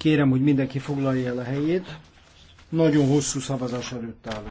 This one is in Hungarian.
Kérem, hogy mindenki foglalja el a helyét. Nagyon hosszú szavazás előtt áll.